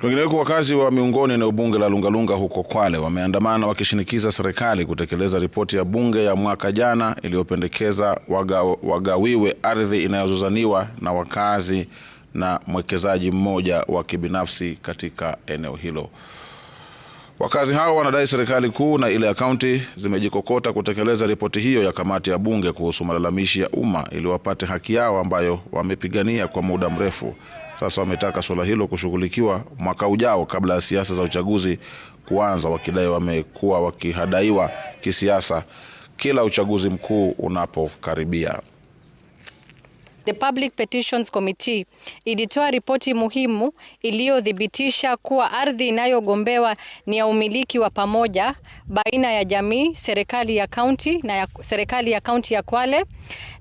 Kwingineko, wakazi wa miongoni eneo bunge la Lungalunga huko Kwale wameandamana wakishinikiza serikali kutekeleza ripoti ya bunge ya mwaka jana iliyopendekeza waga, wagawiwe ardhi inayozozaniwa na wakazi na mwekezaji mmoja wa kibinafsi katika eneo hilo. Wakazi hao wanadai serikali kuu na ile ya kaunti zimejikokota kutekeleza ripoti hiyo ya kamati ya bunge kuhusu malalamishi ya umma ili wapate haki yao ambayo wamepigania kwa muda mrefu. Sasa wametaka suala hilo kushughulikiwa mwaka ujao kabla ya siasa za uchaguzi kuanza, wakidai wamekuwa wakihadaiwa kisiasa kila uchaguzi mkuu unapokaribia. The Public Petitions Committee ilitoa ripoti muhimu iliyothibitisha kuwa ardhi inayogombewa ni ya umiliki wa pamoja baina ya jamii, serikali ya kaunti na ya serikali ya kaunti ya Kwale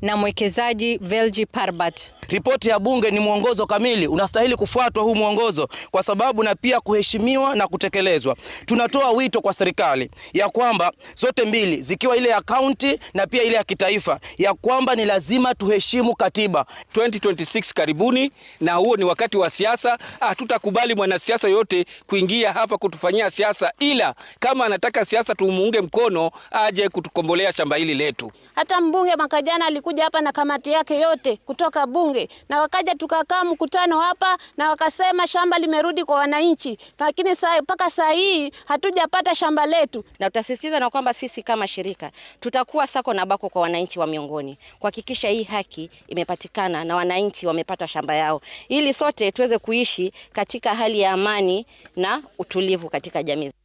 na mwekezaji Velji Parbat. Ripoti ya bunge ni mwongozo kamili, unastahili kufuatwa huu mwongozo kwa sababu na pia kuheshimiwa na kutekelezwa. Tunatoa wito kwa serikali ya kwamba zote mbili zikiwa ile ya kaunti na pia ile ya kitaifa, ya kwamba ni lazima tuheshimu katiba. 2026 karibuni, na huo ni wakati wa siasa. Hatutakubali mwanasiasa yote kuingia hapa kutufanyia siasa, ila kama anataka siasa tumuunge mkono, aje kutukombolea shamba hili letu. Hata mbunge mwaka jana alikuja hapa na kamati yake yote kutoka bunge bunge, na wakaja tukakaa mkutano hapa na wakasema shamba limerudi kwa wananchi, lakini saa mpaka saa hii hatujapata shamba letu, na tutasisitiza na kwamba sisi kama shirika tutakuwa sako na bako kwa wananchi wa Miongoni kuhakikisha hii haki imepatikana na wananchi wamepata shamba yao, ili sote tuweze kuishi katika hali ya amani na utulivu katika jamii.